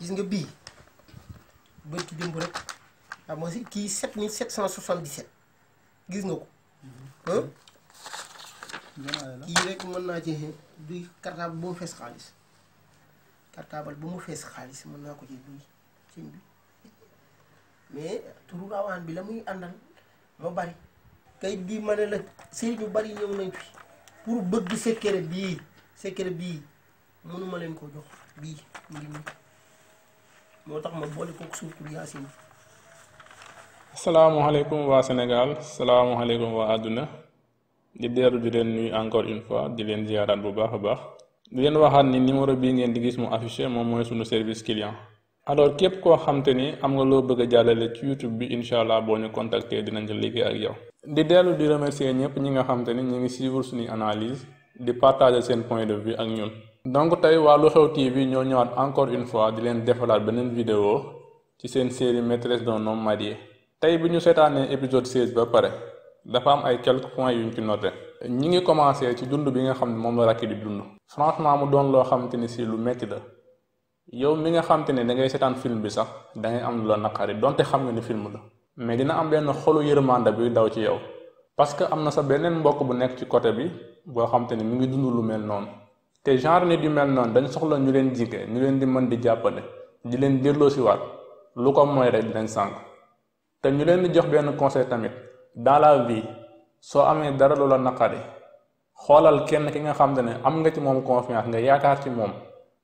gis nga bii bërki démb rek waaw moo si kii sept mille sept cent soixante-dix-sept gis nga ko mhm. kii rek mën naa ci duy cartable bu mu fees xaalis cartable bu mu fees xaalis mën naa ko ci duy sëñ bi mais turu rawaan bi la muy àndal moo bari kayit bii ma ne la sëriñ yu bari ñëw nañ fi pour bëgg secret bii secret bii mënuma leen ko jox bii mu ngi nii moo tax ma boole kook suuratul yaasin salaamualeykum waa Sénégal salaamualeykum waa àdduna di dellu di leen nuyu encore une fois di leen ziaraat bu baax a baax di leen waxaat ni numéro bii ngeen di gis mu affiché moom mooy sunu service client alors képp koo xamte ni am nga loo bëgg a jàllale ci YouTube bi incha allah boo ñu contacter dinañ ci liggéey ak yow di dellu di remercier ñëpp ñi nga xamte ni ñu ngi suivre suñuy analyse di partager seen point de vue ak ñun. donc tey waa Lu Xew TV ñoo ñëwaat encore une fois di leen defalaat beneen vidéo ci seen série maîtresse d'un homme marié. tey bi ñu seetaanee épisode 16 ba pare dafa am ay quelques yu ñu ci noté. ñi ngi commencé ci dund bi nga xam ne moom la rakki di dund. franchement mu doon loo xamante ni sii lu metti la. yow mi nga xamante ne da ngay seetaan film bi sax da am lu la naqari donte xam nga ni film la. mais dina am benn xolu yërmande bi daw ci yow. parce que am na sa beneen mbokk bu nekk ci côté bi boo xam ni mu ngi dund lu mel noonu te genre nit yu mel noonu dañ soxla ñu leen jige ñu leen di mën di jàppale di leen si delloosiwaat lu ko mooy rek dinañ sànq te ñu leen di jox benn conseil tamit dans la vie soo amee dara lu la naqari xoolal kenn ki nga xam te ne am nga ci moom confiance nga yaakaar ci moom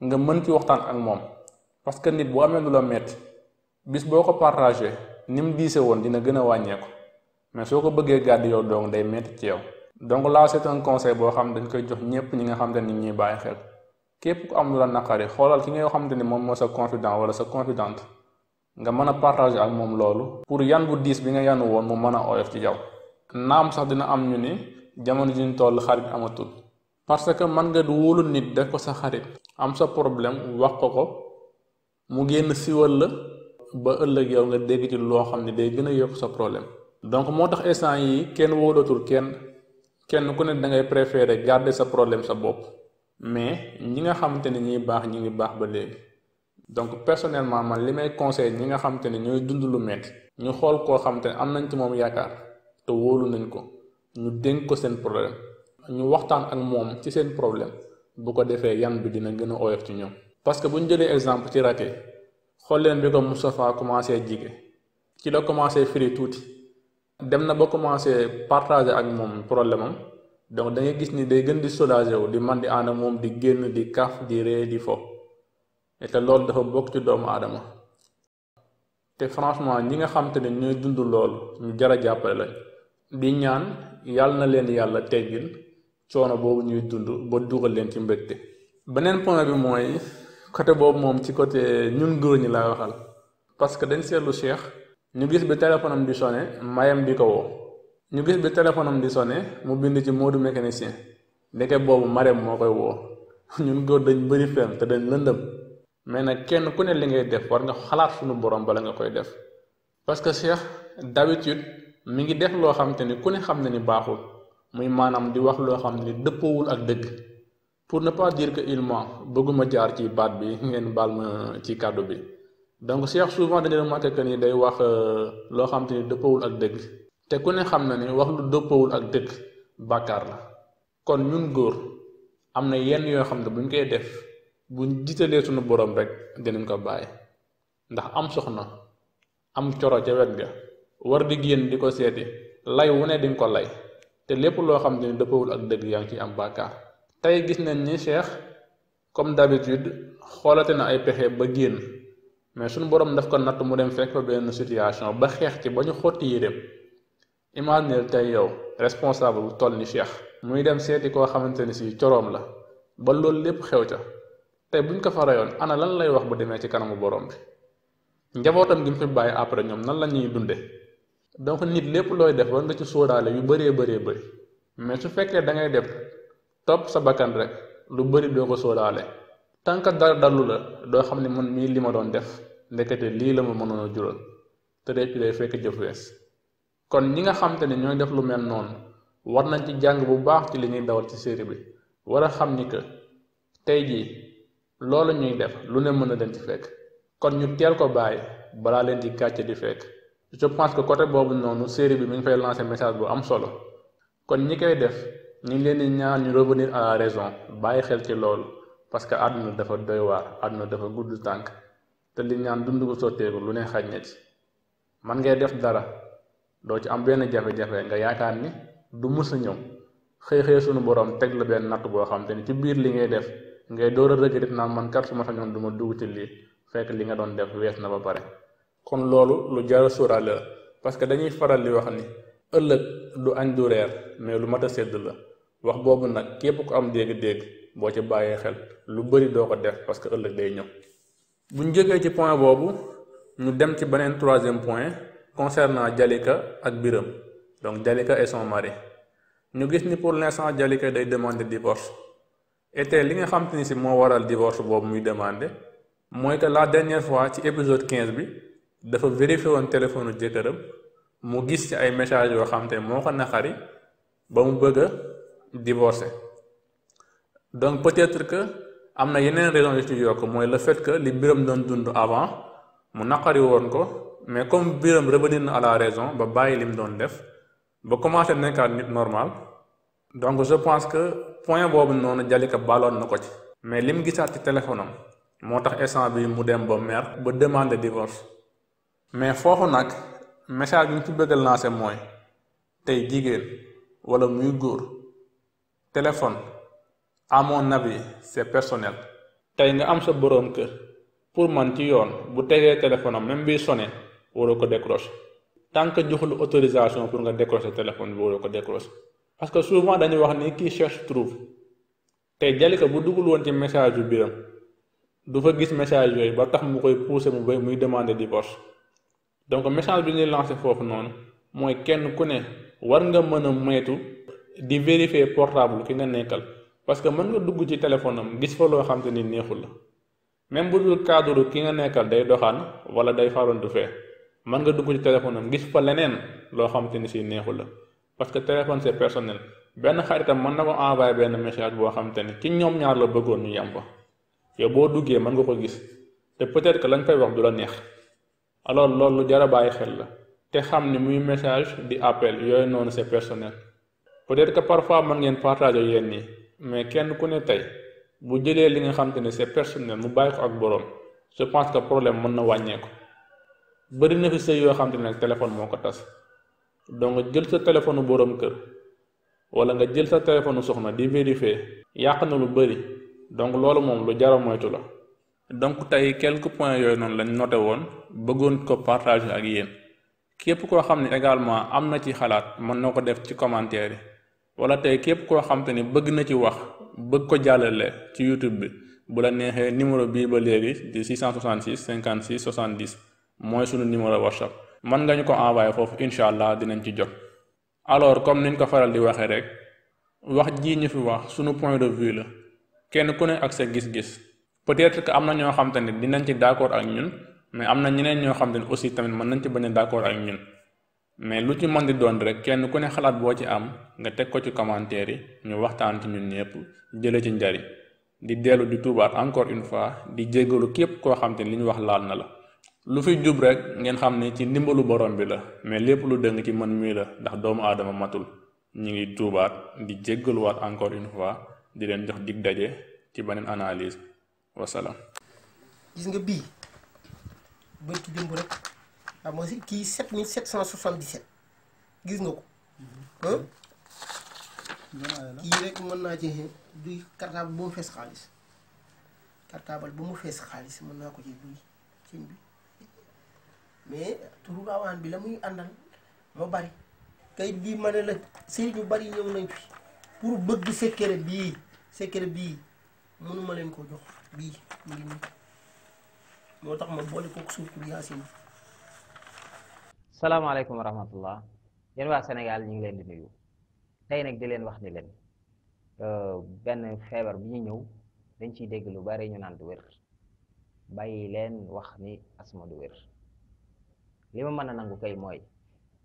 nga mën ci waxtaan ak moom parce que nit bu amee lu la metti bis boo ko partagé ni mu diise woon dina gën a wàññeeku. mais soo ko bëggee gàdd yow dong day métti ci yow donc là c'est conseil boo xam dañ koy jox ñëpp ñi nga xam te ni ñuy bàyyi xel képp ku am lu la naqari xoolal ki nga xam te ni moom moo sa confident wala sa confidente nga mën a partager ak moom loolu pour yan bu diis bi nga yanu woon mu mën a oyof ci yow naam sax dina am ñu ni jamono ji ñu toll xarit amatul parce que man nga wóolu nit def ko sa xarit am sa problème wax ko ko mu génn siwal la ba ëllëg yow nga dégg loo xam ne day gën a yokk sa problème donc moo tax instant yi kenn wóolootul kenn kenn ku ne da ngay préférer garder sa problème sa bopp mais ñi nga xamante ni ñuy baax ñi ngi baax ba léegi donc personnellement man li may conseil ñi nga xamante ni ñooy dund lu metti ñu xool koo xamante ne am nañ ci moom yaakaar te wóolu nañ ko ñu dénk ko seen problème ñu waxtaan ak moom ci seen problème bu ko defee yan bi dina gën a oyof ci ñoom. parce que bu ñu jëlee exemple ci raté xool leen bi ko Moustapha commencé jige ci la commencé firi tuuti. dem na ba commencé partager ak moom problème am donc da gis ni day gën di soulager wu di man di ànd ak moom di génn di kaf di ree di fo et te loolu dafa bokk ci doomu adama te franchement ñi nga xam te ne ñuy dund lool ñu jar a jàppale lañ di ñaan yàlla na leen yàlla teggil coono boobu ñuy dund ba dugal leen ci mbégte. beneen point bi mooy côté boobu moom ci côté ñun góor ñi laay waxal parce dañ seetlu Cheikh. ñu gis bi téléphone di sone mayam di ko woo ñu gis bi téléphone di sonné mu bind ci Modou mécanicien ndeke boobu Marème moo koy woo ñun góor dañu bëri feem te dañ lëndëm mais nag kenn ku ne li ngay def war nga xalaat fu ñu borom bala nga koy def parce que Cheikh d'habitude mi ngi def loo xam te ni ku ne xam ne ni baaxul muy maanaam di wax loo xam ne ni dëppoowul ak dëgg pour ne pas dire que il bëgguma jaar ci baat bi ngeen baal ma ci kàddu bi donc Cheikh souvent dañuy remarqué que nii day wax euh, loo xam te ni dëppawul ak dëgg te ku ne xam na ni wax lu dëppawul ak dëgg bàkkaar la kon ñun góor am na yenn yoo xam ne buñ koy def buñ jiitalee suñu borom rek dinañ ko bàyyi ndax am soxna am coro ca wet ga war di génn di ko seeti lay wu ne diñ ko lay te lépp loo xam te ni dëppawul ak dëgg yaa ngi ciy am bàkkaar tey gis nañ ni Cheikh comme d'habitude xoolate na ay pexe ba génn mais suñu borom daf ko natt mu dem fekk fa benn situation ba xeex ci ba ñu xotti yéreem imagineel tey yow responsable bu toll ni Cheikh muy dem seeti koo xamante ni si coroom la ba loolu lépp xew ca tey buñ ko fa reyoon ana lan lay wax bu demee ci kanamu borom bi njabootam gi mu fi bàyyi après ñoom nan la ñuy dunde donc nit lépp looy def war nga ci sóoraale yu bëree bëree bëri mais su fekkee da ngay def topp sa bakkan rek lu bëri doo ko sóoraale tànk dara dallu la doo xam ne mën mii li ma doon def ndekete lii la ma mënoon a jural te rëcc day fekk jëf wees kon ñi nga xam te ne ñooy def lu mel noonu war nañ ci jàng bu baax ci li ñuy dawal ci série bi war a xam ni que tey jii loolu ñuy def lu ne mën na leen ci fekk kon ñu teel ko bàyyi balaa leen di gàcce di fekk je pense que côté boobu noonu série bi mi ngi fay lancer message bu am solo kon ñi koy def ñu ngi leen di ñaan ñu revenir à la raison bàyyi xel ci loolu. parce que àdduna dafa doy waar àdduna dafa gudd tànk te li ñaan dund gu sotteeku lu ne xaj na ci man ngay def dara doo ci am benn jafe-jafe nga yaakaar ni du mës a ñëw xëy xëy sunu borom teg la benn natt boo xam te ni ci biir li ngay def ngay door a regret naa man kat su ma sañoon duma ma dugg ci lii fekk li nga doon def wees na ba pare. kon loolu lu jar a sóoraale la parce que dañuy faral di wax ni ëllëg du añ du reer mais lu mat a sedd la wax boobu nag képp ku am dégg-dégg. boo ci bàyyee xel lu bëri doo ko def parce que ëllëg day ñëw bu ñu jógee ci point boobu ñu dem ci beneen troisième point concernant Jalika ak Biram donc Jalika et son mari ñu gis ni pour l'instant Jalika day demander divorce et tey li nga xam ni si moo waral divorce boobu muy demander mooy que la dernière fois ci épisode 15 bi dafa vérifié woon téléphone jëkkëram mu gis ci ay messages yoo xam te moo ne naqari ba mu bëgg a divorcer donc peut-être que am na yeneen raison yu ci yokk mooy le fait que li biram doon dund avant mu naqari woon ko mais comme biram revenir na à la raison ba bàyyi lim doon def ba commencé nekkaat nit normal donc je pense que point boobu noonu Jalika baloon na ko ci mais lim gisaat ci téléphone am moo tax instant bi mu dem ba mer ba demande divorce mais foofu nag message bi ñu ci bëgg a lancer mooy tey jigéen wala muy góor téléphone à mon bi c'est personnel. tey nga am sa boroom kër pour man ci yoon bu tegee téléphone am même bii sonné waroo ko décrocher tant que joxul autorisation pour nga décrocher téléphone bi waroo ko décrocher parce que souvent dañuy wax ni qui cherche trouve tey Jalika bu duggul woon ci message yu biram du fa gis message yooyu ba tax mu koy pousser mu bay muy di divorce donc message bi ñuy lancer foofu noonu mooy kenn ku ne war nga mën a moytu di vérifier portable ki nga nekkal. parce que mën nga dugg ci téléphone am gis fa loo xam ni neexul la même bu dul cadre ki nga nekkal day doxaan wala day farantu fee mën nga dugg ci téléphone am gis fa leneen loo xam ni si neexul la parce que téléphone c'est personnel benn xaritam mën na ko envoyé benn message boo xam te ni ci ñoom ñaar la bëggoon ñu yem fa yow boo duggee mën nga ko gis te peut-être que lañ fay wax du la neex alors loolu lu jar a bàyyi xel la te xam ni muy message di appel yooyu noonu c'est personnel peut mais kenn ku ne tey bu jëlee li nga xam te ne c'est personnel mu bàyyi ko ak boroom je pense que problème mën na wàññeeku bëri na fi sëy yoo xam te ne téléphone moo ko tas donc jël sa téléphone boroom kër wala nga jël sa téléphone soxna di vérifier yàq na lu bëri donc loolu moom lu jara moytu la donc tey quelques point yooyu noonu lañ noté woon bëggoon ko partage ak yéen képp koo xam ne également am na ci xalaat mën na ko def ci commentaire yi wala tey képp koo xam ni bëgg na ci wax bëgg ko jàllale ci YouTube bi bu la neexee numéro bii ba léegi di 666 56 70 mooy sunu numéro WhatsApp mën nga ñu ko envoyé foofu incha allah dinañ ci jot. alors comme niñ ko faral di waxee rek wax jii ñu fi wax sunu point de vue la kenn ku ne ak sa gis-gis peut-être am na ñoo xam te ne dinañ ci d'accord ak ñun mais am na ñeneen ñoo xam te ne aussi tamit mën nañ ci bañ a d'accord ak ñun. mais lu ci mën di doon rek kenn ku ne xalaat boo ci am nga teg ko ci commentaire yi ñu waxtaan ci ñun ñëpp jële ci njariñ di dellu di tuubaat encore une fois di jéggalu képp koo xam te ni li ñu wax laal na la lu fi jub rek ngeen xam ne ci ndimbalu borom bi la mais lépp lu dëng ci man mii la ndax doomu aadama matul ñu ngi tuubaat di jéggaluwaat encore une fois di leen jox dig daje ci beneen analyse wasalaam. gis xam mooy si kii 7777 gis nga ko. Mhm. kii rek mën naa ci duy cartable bu mu fees xaalis cartable mu fees xaalis mën naa ko ci duy sëñ bi mais turu awaan bi la muy àndal moo bari kayit bii ma ne la sëriñ yu bari ñëw nañ fi pour bëgg secret bii secret bii mënuma leen ko jox bii mu ngi nii moo tax ma boole kook suuf bi yaasin salaamaaleykum wa rahmatullah yéen waa Sénégal ñu ngi leen di nuyu tey nag di leen wax ni leen euh, benn feebar bi ñu ñëw dañ ciy dégg lu bari ñu naan du wér bàyyi leen wax ni asma du wér li ma mën a nangu kay mooy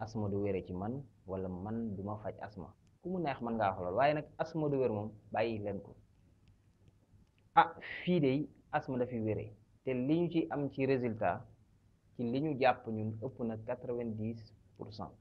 asma du wére ci man walla man duma ma faj asma ku mu neex mën ngaa wax lool waaye nag asma du wér moom bàyyi leen ko ah fii de asma dafi wére te li ñu ci am ci résultat ci li ñu jàpp ñun ëpp na quatre-vingt-dix pour cent